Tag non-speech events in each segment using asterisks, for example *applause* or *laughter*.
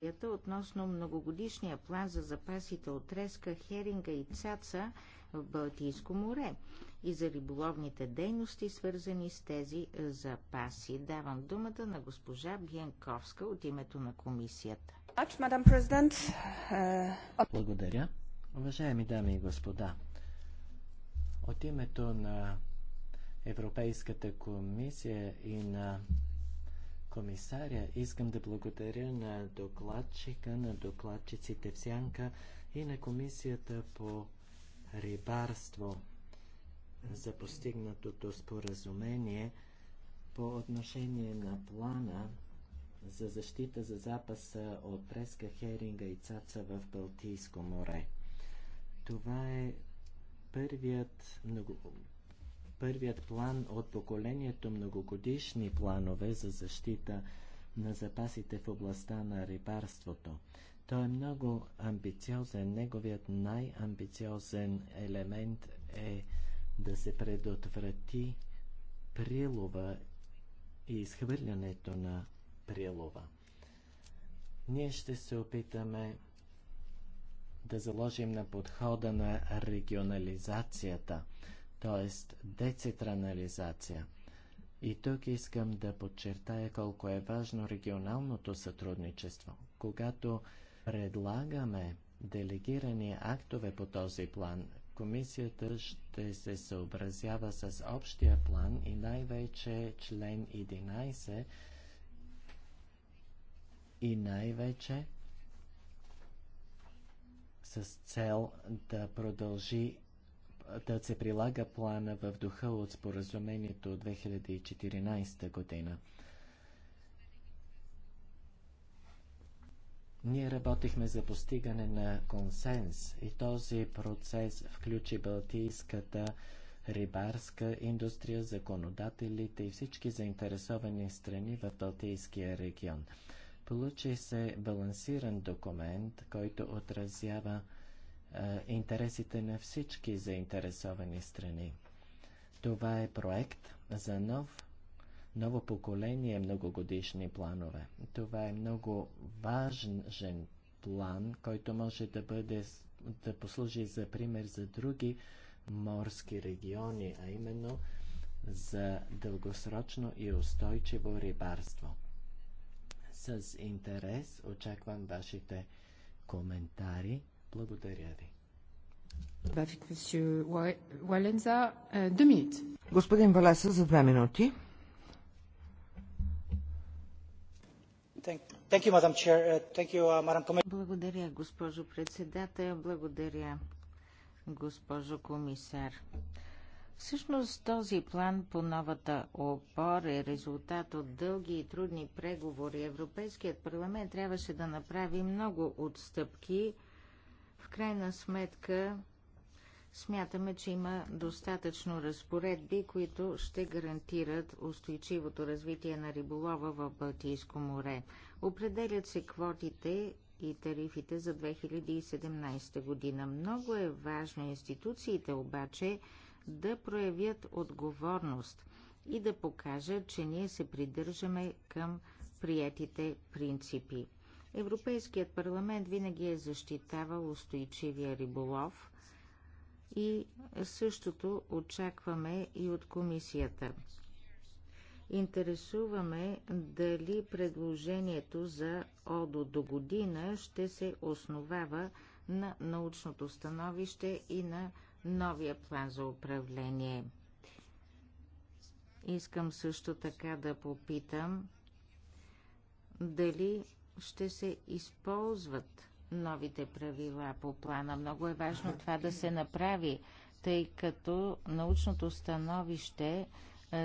Комисията относно многогодишния план за запасите от треска, херинга и цаца в Балтийско море и за риболовните дейности, свързани с тези е, запаси. Давам думата на госпожа Бянковска от името на комисията. Е, Благодаря. Уважаеми дами и господа, от името на Европейската комисия и на комисаря. Искам да благодаря на докладчика, на докладчиците в Сянка и на комисията по рибарство за постигнатото споразумение по отношение на плана за защита за запаса от преска, херинга и цаца в Балтийско море. Това е първият много първият план от поколението многогодишни планове за защита на запасите в областта на рибарството. Той е много амбициозен. Неговият най-амбициозен елемент е да се предотврати прилова и изхвърлянето на прилова. Ние ще се опитаме да заложим на подхода на регионализацията – т.е. децентрализация. И тук искам да подчертая колко е важно регионалното сътрудничество. Когато предлагаме делегирани актове по този план, комисията ще се съобразява с общия план и най-вече член 11 и най-вече с цел да продължи да се прилага плана в духа от споразумението от 2014 година. Ние работихме за постигане на консенс и този процес включи Балтийската рибарска индустрия, законодателите и всички заинтересовани страни в Балтийския регион. Получи се балансиран документ, който отразява е, интересите на всички заинтересовани страни. Това е проект за нов, ново поколение многогодишни планове. Това е много важен план, който може да, бъде, да послужи за пример за други морски региони, а именно за дългосрочно и устойчиво рибарство. С интерес очаквам вашите коментари. Благодаря ви. Euh, Господин Валеса за две минути. Uh, uh, Благодаря, госпожо председател. Благодаря, госпожо комисар. Всъщност този план по новата опор е резултат от дълги и трудни преговори. Европейският парламент трябваше да направи много отстъпки – в крайна сметка смятаме, че има достатъчно разпоредби, които ще гарантират устойчивото развитие на риболова в Балтийско море. Определят се квотите и тарифите за 2017 година. Много е важно институциите обаче да проявят отговорност и да покажат, че ние се придържаме към приятите принципи. Европейският парламент винаги е защитавал устойчивия риболов и същото очакваме и от комисията. Интересуваме дали предложението за ОДО до година ще се основава на научното становище и на новия план за управление. Искам също така да попитам дали ще се използват новите правила по плана. Много е важно това да се направи, тъй като научното становище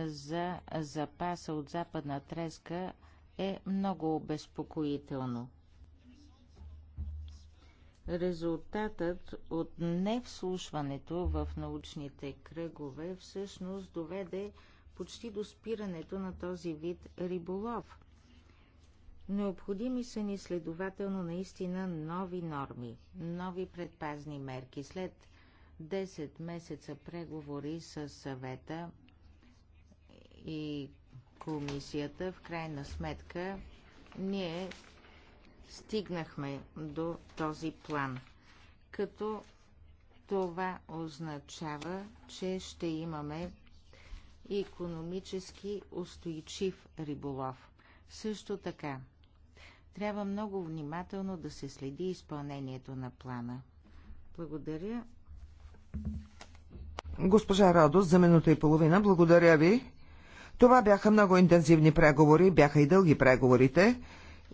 за запаса от западна треска е много обезпокоително. Резултатът от невслушването в научните кръгове всъщност доведе почти до спирането на този вид риболов. Необходими са ни следователно наистина нови норми, нови предпазни мерки. След 10 месеца преговори с съвета и комисията, в крайна сметка, ние стигнахме до този план. Като това означава, че ще имаме економически устойчив риболов. Също така, трябва много внимателно да се следи изпълнението на плана. Благодаря. Госпожа Радост, за минута и половина, благодаря ви. Това бяха много интензивни преговори, бяха и дълги преговорите.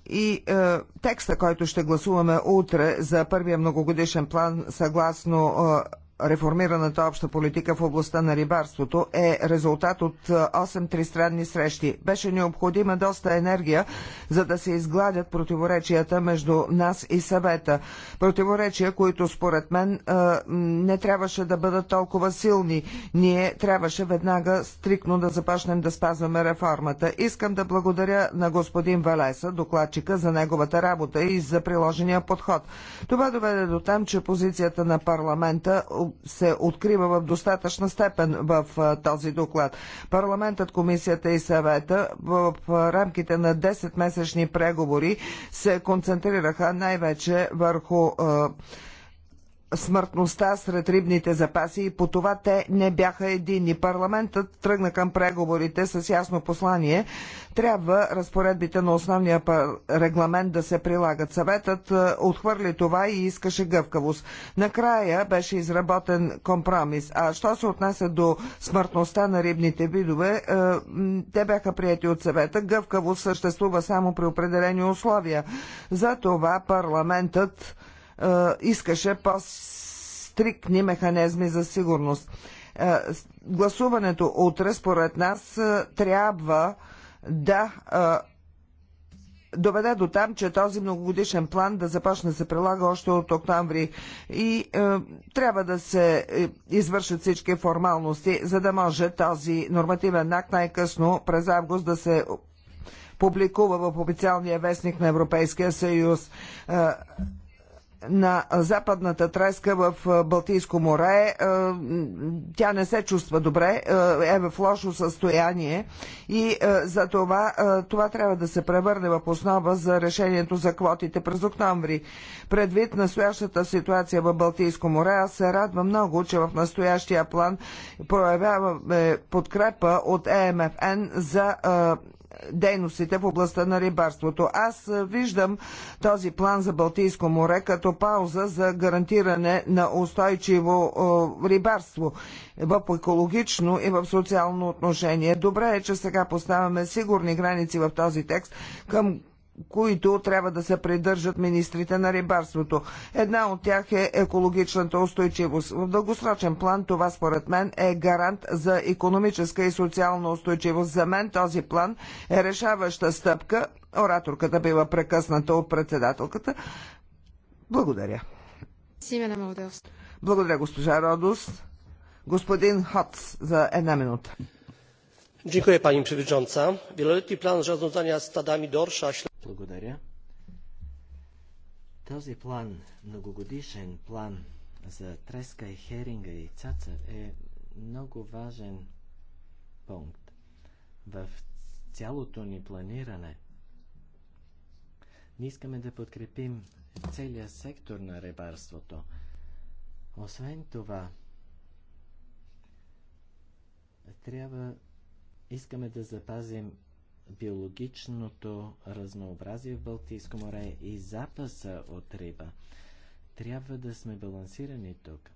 И е, текста, който ще гласуваме утре за първия многогодишен план, съгласно е, реформираната обща политика в областта на рибарството е резултат от 8 е, тристранни срещи. Беше необходима доста енергия, за да се изгладят противоречията между нас и съвета. Противоречия, които според мен е, не трябваше да бъдат толкова силни. Ние трябваше веднага стрикно да започнем да спазваме реформата. Искам да благодаря на господин Валеса, докладчика, за неговата работа и за приложения подход. Това доведе до там, че позицията на парламента се открива в достатъчна степен в този доклад. Парламентът, комисията и съвета в рамките на 10-месечни преговори се концентрираха най-вече върху смъртността сред рибните запаси и по това те не бяха единни. Парламентът тръгна към преговорите с ясно послание. Трябва разпоредбите на основния регламент да се прилагат. Съветът е, отхвърли това и искаше гъвкавост. Накрая беше изработен компромис. А що се отнася до смъртността на рибните видове, е, те бяха прияти от съвета. Гъвкавост съществува само при определени условия. За това парламентът искаше по-стриктни механизми за сигурност. Гласуването утре, според нас, трябва да доведе до там, че този многогодишен план да започне да се прилага още от октомври и е, трябва да се е, извършат всички формалности, за да може този нормативен акт най-късно през август да се публикува в официалния вестник на Европейския съюз. Е, на западната треска в Балтийско море. Тя не се чувства добре, е в лошо състояние и за това това трябва да се превърне в основа за решението за квотите през октомври. Предвид настоящата ситуация в Балтийско море, аз се радвам много, че в настоящия план проявяваме подкрепа от ЕМФН за дейностите в областта на рибарството. Аз виждам този план за Балтийско море като пауза за гарантиране на устойчиво рибарство в екологично и в социално отношение. Добре е, че сега поставяме сигурни граници в този текст, към които трябва да се придържат министрите на рибарството. Една от тях е екологичната устойчивост. В дългосрочен план това според мен е гарант за економическа и социална устойчивост. За мен този план е решаваща стъпка. Ораторката бива прекъсната от председателката. Благодаря. Благодаря, госпожа Родост. Господин Хоц за една минута pani przewodnicząca! wieloletni plan zarządzania stadami dorsza. Благодаря. Този план, многогодишен план за треска и херинга и цаца е много важен пункт в цялото ни планиране. Ние искаме да подкрепим целия сектор на рибарството. Освен това, трябва искаме да запазим биологичното разнообразие в Балтийско море и запаса от риба. Трябва да сме балансирани тук.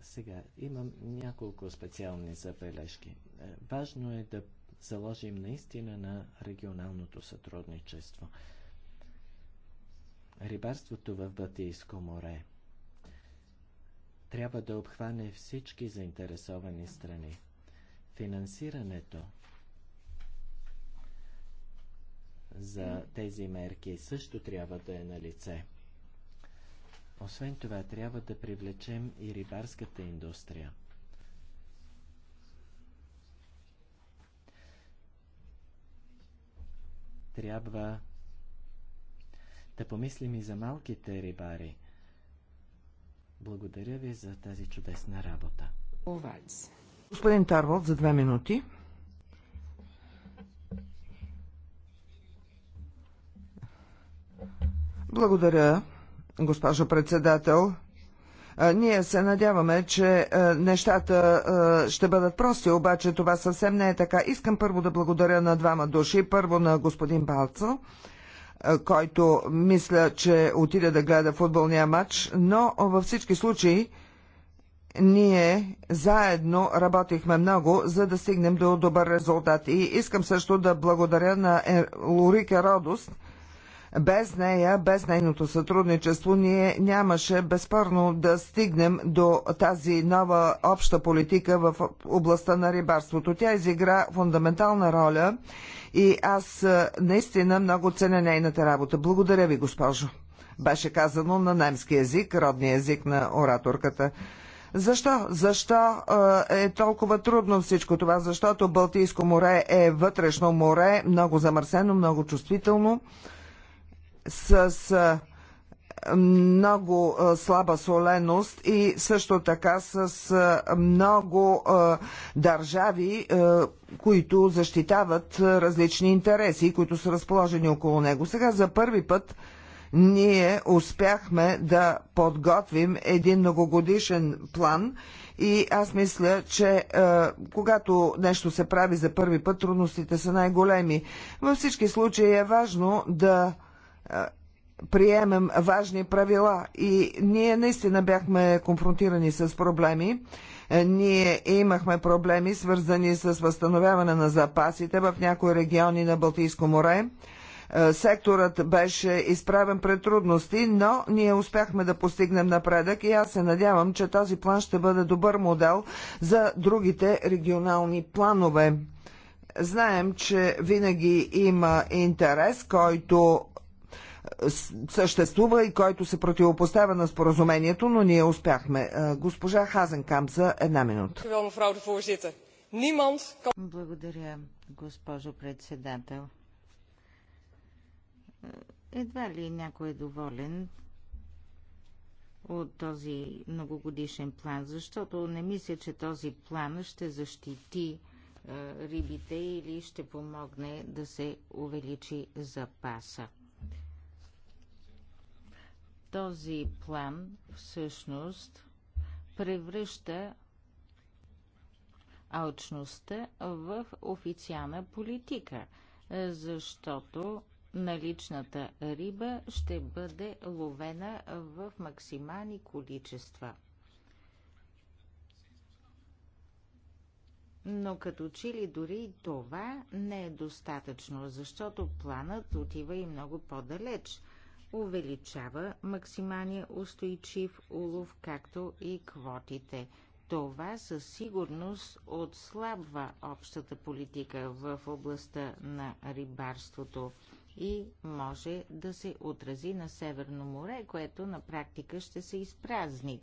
Сега имам няколко специални забележки. Е, важно е да заложим наистина на регионалното сътрудничество. Рибарството в Балтийско море трябва да обхване всички заинтересовани страни. Финансирането за тези мерки също трябва да е на лице. Освен това, трябва да привлечем и рибарската индустрия. Трябва да помислим и за малките рибари. Благодаря ви за тази чудесна работа. Господин Тарвот, за две минути. Благодаря, госпожо председател. Ние се надяваме, че нещата ще бъдат прости, обаче това съвсем не е така. Искам първо да благодаря на двама души. Първо на господин Балцо, който мисля, че отиде да гледа футболния матч, но във всички случаи ние заедно работихме много, за да стигнем до добър резултат. И искам също да благодаря на е, Лорика Родост, без нея, без нейното сътрудничество, ние нямаше безспорно да стигнем до тази нова обща политика в областта на рибарството. Тя изигра фундаментална роля и аз е, наистина много ценя нейната работа. Благодаря ви, госпожо. Беше казано на немски язик, родния език на ораторката. Защо? Защо е, е толкова трудно всичко това? Защото Балтийско море е вътрешно море, много замърсено, много чувствително с много слаба соленост и също така с много държави, които защитават различни интереси, които са разположени около него. Сега за първи път ние успяхме да подготвим един многогодишен план и аз мисля, че е, когато нещо се прави за първи път, трудностите са най-големи. Във всички случаи е важно да приемем важни правила. И ние наистина бяхме конфронтирани с проблеми. Е, ние имахме проблеми, свързани с възстановяване на запасите в някои региони на Балтийско море. Е, секторът беше изправен пред трудности, но ние успяхме да постигнем напредък и аз се надявам, че този план ще бъде добър модел за другите регионални планове. Знаем, че винаги има интерес, който съществува и който се противопоставя на споразумението, но ние успяхме. Госпожа Хазенкам за една минута. Благодаря, госпожо председател. Е, едва ли някой е доволен от този многогодишен план, защото не мисля, че този план ще защити рибите или ще помогне да се увеличи запаса. Този план всъщност превръща алчността в официална политика, защото наличната риба ще бъде ловена в максимални количества. Но като че ли дори това не е достатъчно, защото планът отива и много по-далеч – увеличава максималния устойчив улов, както и квотите. Това със сигурност отслабва общата политика в областта на рибарството и може да се отрази на Северно море, което на практика ще се изпразни.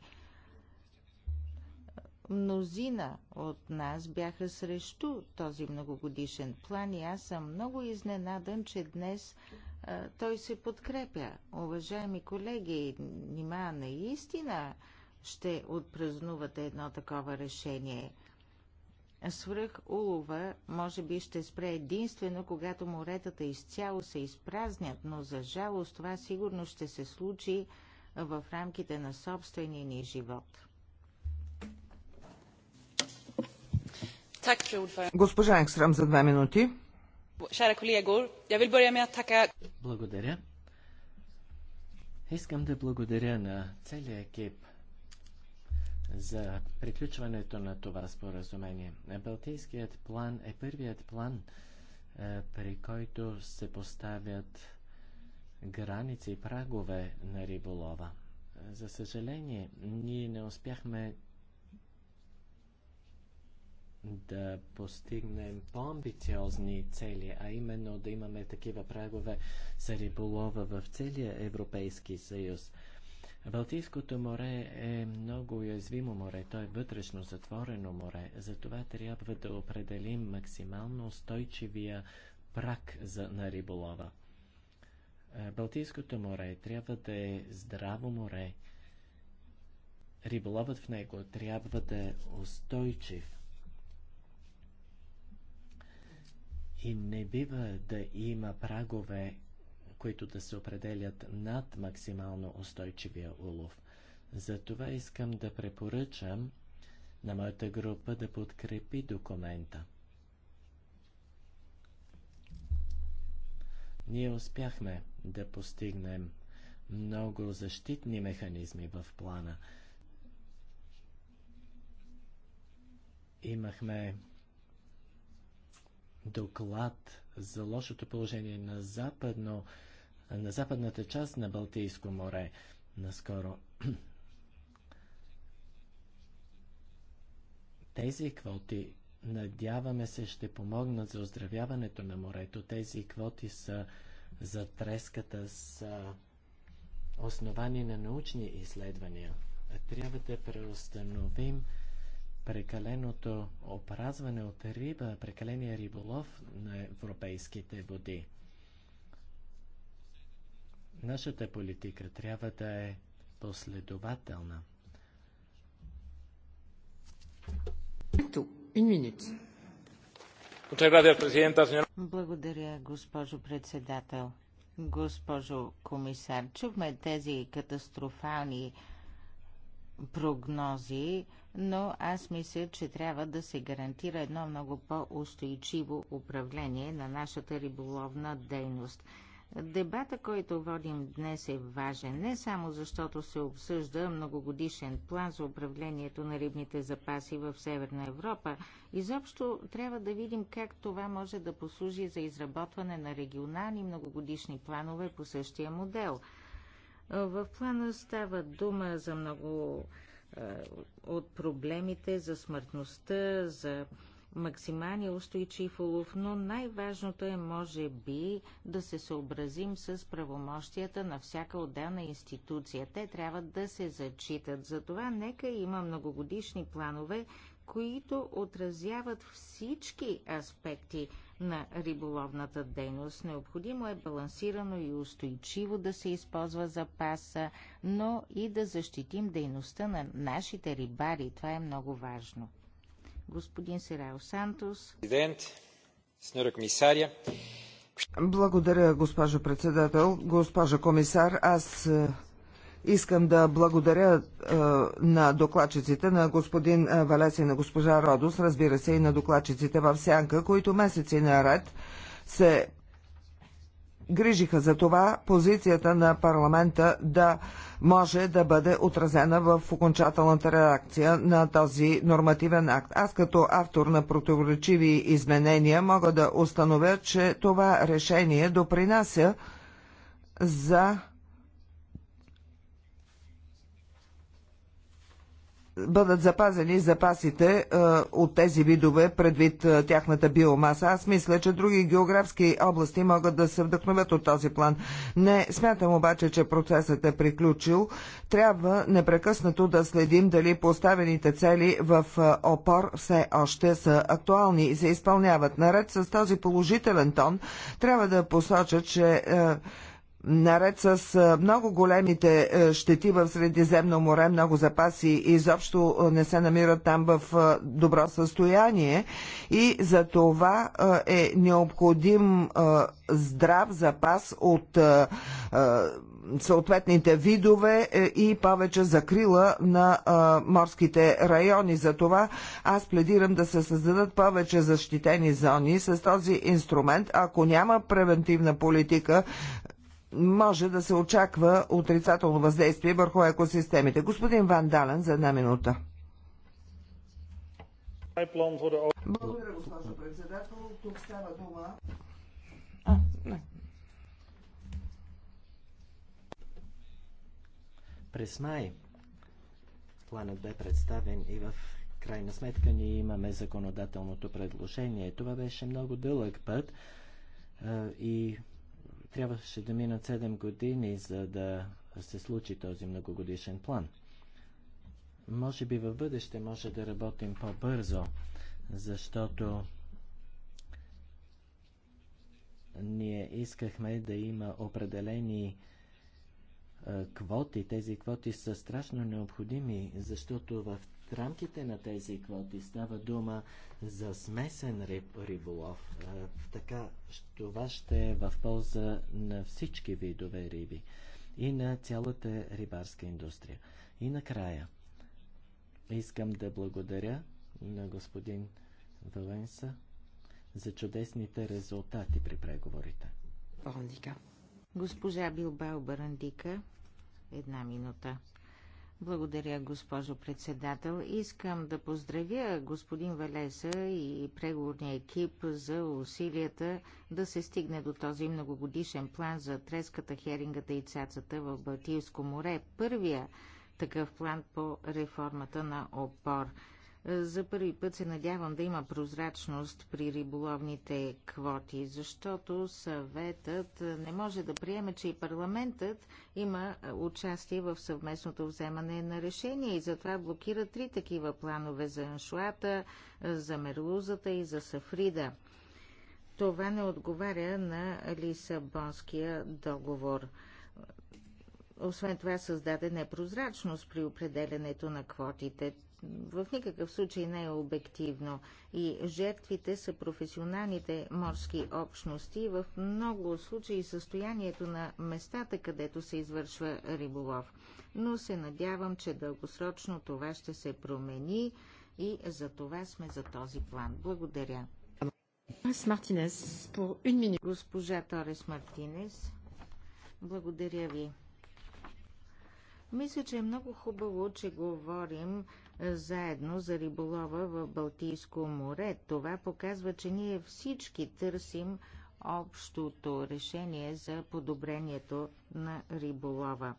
Мнозина от нас бяха срещу този многогодишен план и аз съм много изненадан, че днес той се подкрепя. Уважаеми колеги, нима наистина ще отпразнувате едно такова решение. Свръх улова може би ще спре единствено, когато моретата изцяло се изпразнят, но за жалост това сигурно ще се случи в рамките на собствения ни живот. Госпожа Екстрам за две минути. Благодаря. Искам да благодаря на целия екип за приключването на това споразумение. Балтийският план е първият план, е, при който се поставят граници и прагове на риболова. За съжаление, ние не успяхме да постигнем по-амбициозни цели, а именно да имаме такива прагове за риболова в целия Европейски съюз. Балтийското море е много уязвимо море, то е вътрешно затворено море, затова трябва да определим максимално устойчивия прак за, на риболова. Е, Балтийското море трябва да е здраво море. Риболовът в него трябва да е устойчив. И не бива да има прагове, които да се определят над максимално устойчивия улов. Затова искам да препоръчам на моята група да подкрепи документа. Ние успяхме да постигнем много защитни механизми в плана. Имахме доклад за лошото положение на, западно, на западната част на Балтийско море наскоро. *clears throat* Тези квоти, надяваме се, ще помогнат за оздравяването на морето. Тези квоти са за треската са основани на научни изследвания. Трябва да преустановим прекаленото опразване от риба, прекаления риболов на европейските води. Нашата политика трябва да е последователна. Благодаря, госпожо председател. Госпожо комисар, чухме тези катастрофални прогнози, но аз мисля, че трябва да се гарантира едно много по-устойчиво управление на нашата риболовна дейност. Дебата, който водим днес е важен не само защото се обсъжда многогодишен план за управлението на рибните запаси в Северна Европа, изобщо трябва да видим как това може да послужи за изработване на регионални многогодишни планове по същия модел – в плана става дума за много е, от проблемите, за смъртността, за максимални устойчив улов, но най-важното е, може би, да се съобразим с правомощията на всяка отделна институция. Те трябва да се зачитат. Затова нека има многогодишни планове, които отразяват всички аспекти на риболовната дейност. Необходимо е балансирано и устойчиво да се използва запаса, но и да защитим дейността на нашите рибари. Това е много важно. Господин Сирао Сантос. Президент, сеньора комисаря. Благодаря, госпожо председател. Госпожа комисар, аз Искам да благодаря е, на докладчиците, на господин е, Валес и на госпожа Родос, разбира се и на докладчиците в Сянка, които месеци наред се грижиха за това позицията на парламента да може да бъде отразена в окончателната редакция на този нормативен акт. Аз като автор на противоречиви изменения мога да установя, че това решение допринася за бъдат запазени запасите е, от тези видове предвид е, тяхната биомаса. Аз мисля, че други географски области могат да се вдъхновят от този план. Не смятам обаче, че процесът е приключил. Трябва непрекъснато да следим дали поставените цели в е, опор все още са актуални и се изпълняват. Наред с този положителен тон, трябва да посоча, че наред с много големите щети в Средиземно море, много запаси изобщо не се намират там в добро състояние и за това е необходим здрав запас от съответните видове е, и повече закрила на морските райони. За това аз пледирам да се създадат повече защитени зони с този инструмент. Ако няма превентивна политика, може да се очаква отрицателно въздействие върху екосистемите. Господин Ван Дален за една минута. Благодаря, госпожо председател. Тук става дума. А, не. През май планът бе представен и в крайна сметка ние имаме законодателното предложение. Това беше много дълъг път и трябваше да минат 7 години, за да се случи този многогодишен план. Може би в бъдеще може да работим по-бързо, защото ние искахме да има определени е, квоти. Тези квоти са страшно необходими, защото в рамките на тези квоти става дума за смесен риб, риболов. А, така, това ще е в полза на всички видове риби и на цялата рибарска индустрия. И накрая, искам да благодаря на господин Валенса за чудесните резултати при преговорите. Госпожа Билбао Барандика, една минута. Благодаря, госпожо председател. Искам да поздравя господин Валеса и преговорния екип за усилията да се стигне до този многогодишен план за треската, херингата и цацата в Балтийско море. Първия такъв план по реформата на ОПОР. За първи път се надявам да има прозрачност при риболовните квоти, защото съветът не може да приеме, че и парламентът има участие в съвместното вземане на решения и затова блокира три такива планове за аншуата, за мерлузата и за сафрида. Това не отговаря на Лисабонския договор. Освен това създаде непрозрачност при определенето на квотите в никакъв случай не е обективно. И жертвите са професионалните морски общности. В много случаи състоянието на местата, където се извършва риболов. Но се надявам, че дългосрочно това ще се промени и за това сме за този план. Благодаря. Мартинес, Госпожа Торес Мартинес, благодаря ви. Мисля, че е много хубаво, че говорим заедно за риболова в Балтийско море. Това показва, че ние всички търсим общото решение за подобрението на риболова.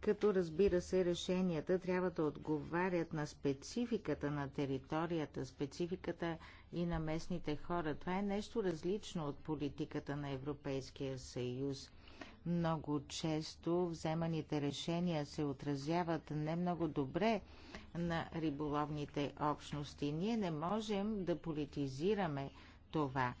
Като разбира се, решенията трябва да отговарят на спецификата на територията, спецификата и на местните хора. Това е нещо различно от политиката на Европейския съюз – много често вземаните решения се отразяват не много добре на риболовните общности. Ние не можем да политизираме това.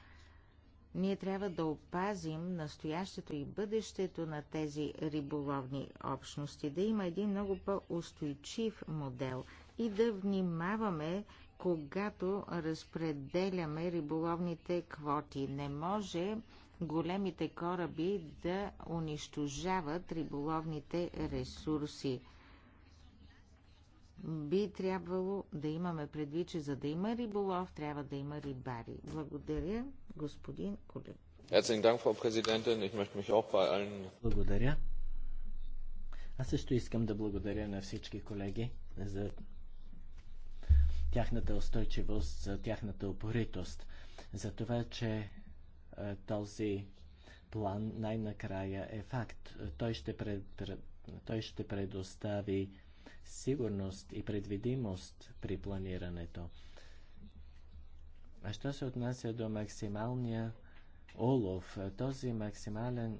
Ние трябва да опазим настоящето и бъдещето на тези риболовни общности, да има един много по-устойчив модел и да внимаваме, когато разпределяме риболовните квоти. Не може големите кораби да унищожават риболовните ресурси. Би трябвало да имаме предвид, че за да има риболов, трябва да има рибари. Благодаря, господин Кулев. Благодаря. Аз също искам да благодаря на всички колеги за тяхната устойчивост, за тяхната упоритост, за това, че е, този план най-накрая е факт. Е, той ще, пред, той ще предостави сигурност и предвидимост при планирането. А що се отнася до максималния олов, е, този максимален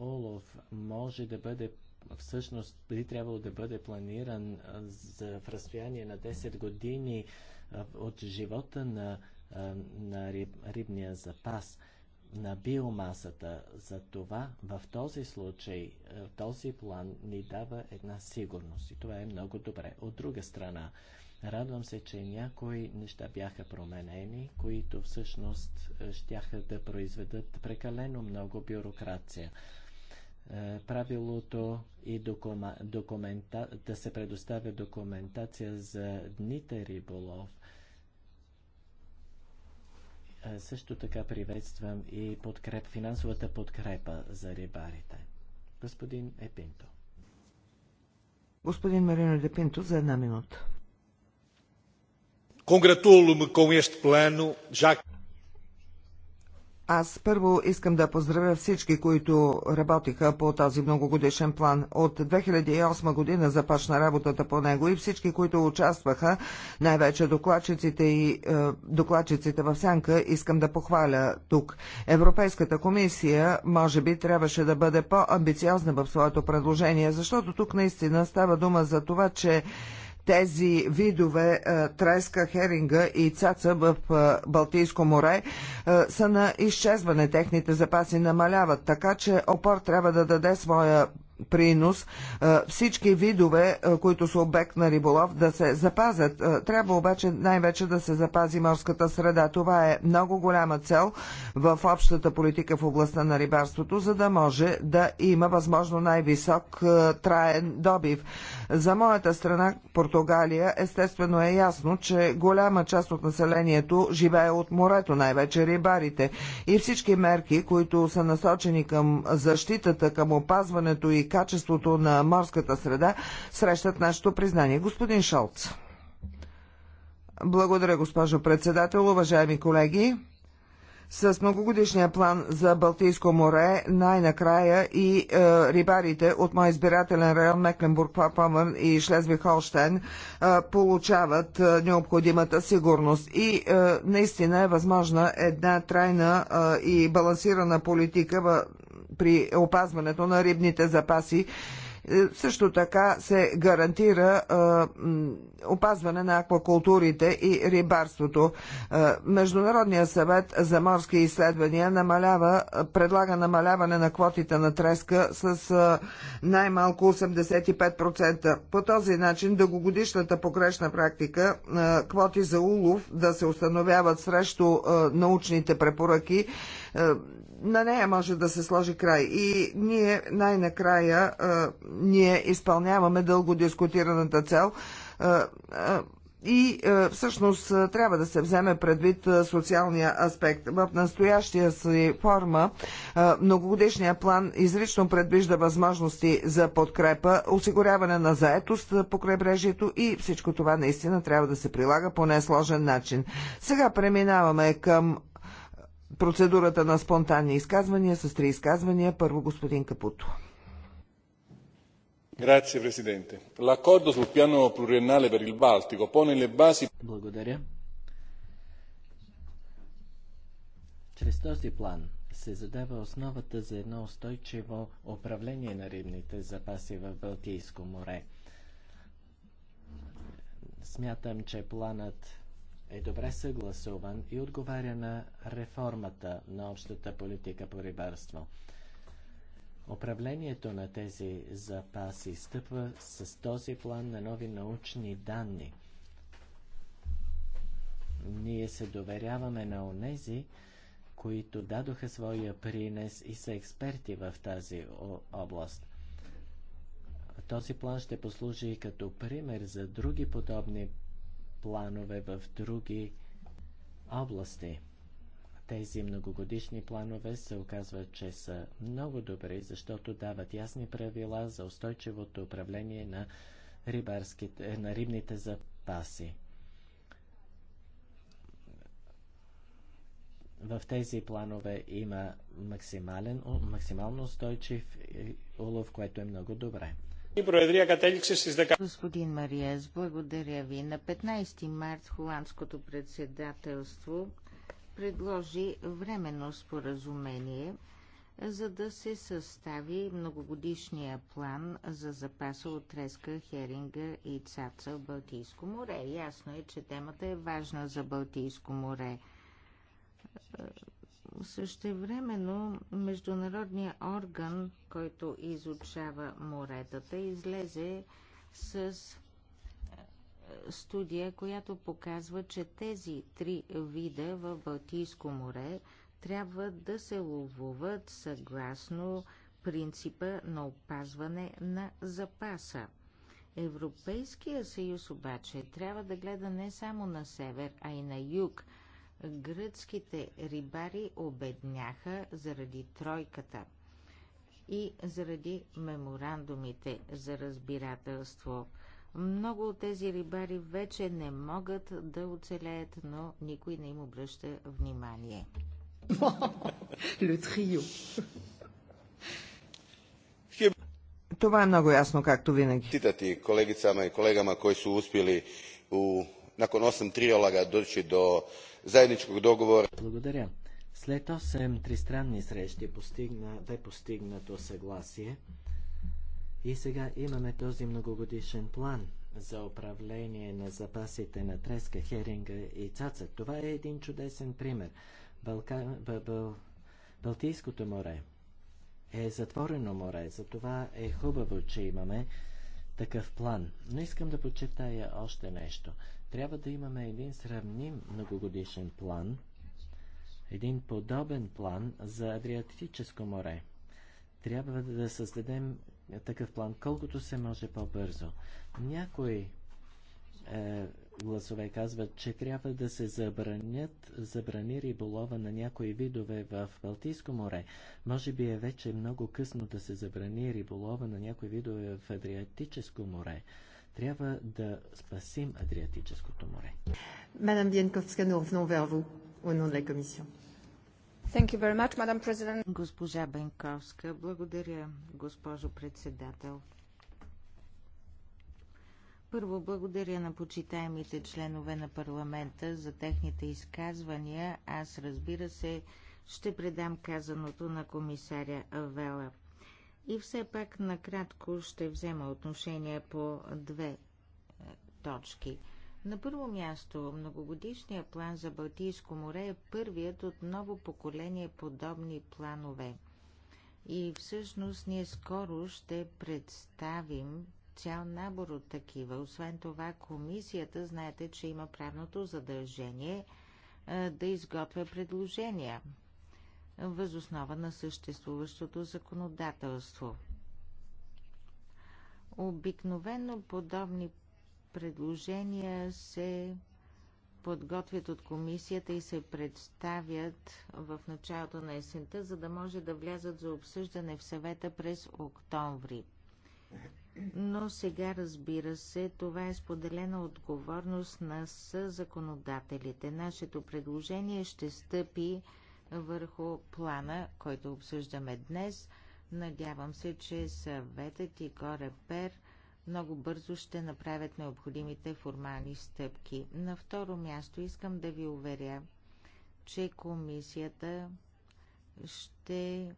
олов може да бъде всъщност би трябвало да бъде планиран за, в разстояние на 10 години от живота на, на риб, рибния запас на биомасата. За това в този случай, в е, този план ни дава една сигурност и това е много добре. От друга страна, радвам се, че някои неща бяха променени, които всъщност е, щяха да произведат прекалено много бюрокрация. Е, правилото и документа, да се предоставя документация за дните риболов – е, също така приветствам и подкреп, финансовата подкрепа за рибарите. Господин Епинто. Господин Марино Депинто за една минута. Конгратулум me com este plano, já que... Аз първо искам да поздравя всички, които работиха по този многогодишен план. От 2008 година започна работата по него и всички, които участваха, най-вече докладчиците и е, докладчиците в Сянка, искам да похваля тук. Европейската комисия, може би, трябваше да бъде по-амбициозна в своето предложение, защото тук наистина става дума за това, че тези видове е, треска, херинга и цаца в е, Балтийско море е, са на изчезване. Техните запаси намаляват, така че опор трябва да даде своя принос всички видове, които са обект на риболов, да се запазят. Трябва обаче най-вече да се запази морската среда. Това е много голяма цел в общата политика в областта на рибарството, за да може да има възможно най-висок траен добив. За моята страна, Португалия, естествено е ясно, че голяма част от населението живее от морето, най-вече рибарите. И всички мерки, които са насочени към защитата, към опазването и качеството на морската среда, срещат нашето признание. Господин Шолц. Благодаря, госпожо председател. Уважаеми колеги, с многогодишния план за Балтийско море, най-накрая и е, рибарите от моя избирателен район Мекленбург-Папамън и Шлезвиг-Холштайн е, получават е, необходимата сигурност. И е, наистина е възможна една трайна е, и балансирана политика в, при опазването на рибните запаси. Е, също така се гарантира е, опазване на аквакултурите и рибарството. Е, Международният съвет за морски изследвания намалява, предлага намаляване на квотите на треска с е, най-малко 85%. По този начин дългогодишната погрешна практика е, квоти за улов да се установяват срещу научните препоръки на нея може да се сложи край. И ние най-накрая ние изпълняваме дълго дискутираната цел – и всъщност трябва да се вземе предвид социалния аспект. В настоящия си форма многогодишния план изрично предвижда възможности за подкрепа, осигуряване на заетост по крайбрежието и всичко това наистина трябва да се прилага по несложен начин. Сега преминаваме към процедурата на спонтанни изказвания с три изказвания. Първо господин Капуто. Grazie, Presidente. L'accordo sul piano pluriennale per il Baltico pone le basi... Благодаря. Чрез този план се задава основата за едно устойчиво управление на рибните запаси в Балтийско море. Смятам, че планът е добре съгласуван и отговаря на реформата на общата политика по рибарство. Управлението на тези запаси стъпва с този план на нови научни данни. Ние се доверяваме на онези, които дадоха своя принес и са експерти в тази област. Този план ще послужи и като пример за други подобни планове в други области. Тези многогодишни планове се оказват, че са много добри, защото дават ясни правила за устойчивото управление на, на рибните запаси. в тези планове има максимален, максимално устойчив улов, което е много добре. Господин Мариес, благодаря ви. На 15 март холандското председателство предложи временно споразумение, за да се състави многогодишния план за запаса от треска, херинга и цаца в Балтийско море. Ясно е, че темата е важна за Балтийско море. Същевременно Международният орган, който изучава моретата, излезе с студия, която показва, че тези три вида в Балтийско море трябва да се ловуват съгласно принципа на опазване на запаса. Европейския съюз обаче трябва да гледа не само на север, а и на юг. Гръцките рибари обедняха заради тройката и заради меморандумите за разбирателство – много от тези рибари вече не могат да оцелеят, но никой не им обръща внимание. *laughs* Le Това е много ясно, както винаги. Титати колегицама и колегама кои са успели у, након 8 триолага дoći до заедничкog договора. Благодаря. След 8 тристранни срещи постигна, бе постигнато съгласие и сега имаме този многогодишен план за управление на запасите на треска, херинга и цаца. Това е един чудесен пример. Балка... Б... Б... Балтийското море е затворено море, затова е хубаво, че имаме такъв план. Но искам да почитая още нещо. Трябва да имаме един сравним многогодишен план, един подобен план за Адриатическо море. Трябва да създадем е такъв план колкото се може по-бързо. Някои е, гласове казват, че трябва да се забранят, забрани риболова на някои видове в Балтийско море. Може би е вече много късно да се забрани риболова на някои видове в Адриатическо море. Трябва да спасим Адриатическото море. Мадам Бенковска, nous revenons vers vous au Госпожа Бенковска, благодаря, госпожо председател. Първо благодаря на почитаемите членове на парламента за техните изказвания. Аз разбира се ще предам казаното на комисаря Авела. И все пак накратко ще взема отношение по две е, точки – на първо място, многогодишният план за Балтийско море е първият от ново поколение подобни планове. И всъщност ние скоро ще представим цял набор от такива. Освен това, комисията, знаете, че има правното задължение да изготвя предложения възоснова на съществуващото законодателство. Обикновено подобни предложения се подготвят от комисията и се представят в началото на есента, за да може да влязат за обсъждане в съвета през октомври. Но сега, разбира се, това е споделена отговорност на законодателите. Нашето предложение ще стъпи върху плана, който обсъждаме днес. Надявам се, че съветът и Корепер – много бързо ще направят необходимите формални стъпки. На второ място искам да ви уверя, че комисията ще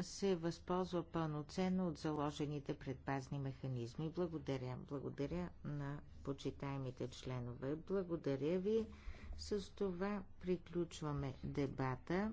се възползва пълноценно от заложените предпазни механизми. Благодаря. Благодаря на почитаемите членове. Благодаря ви. С това приключваме дебата.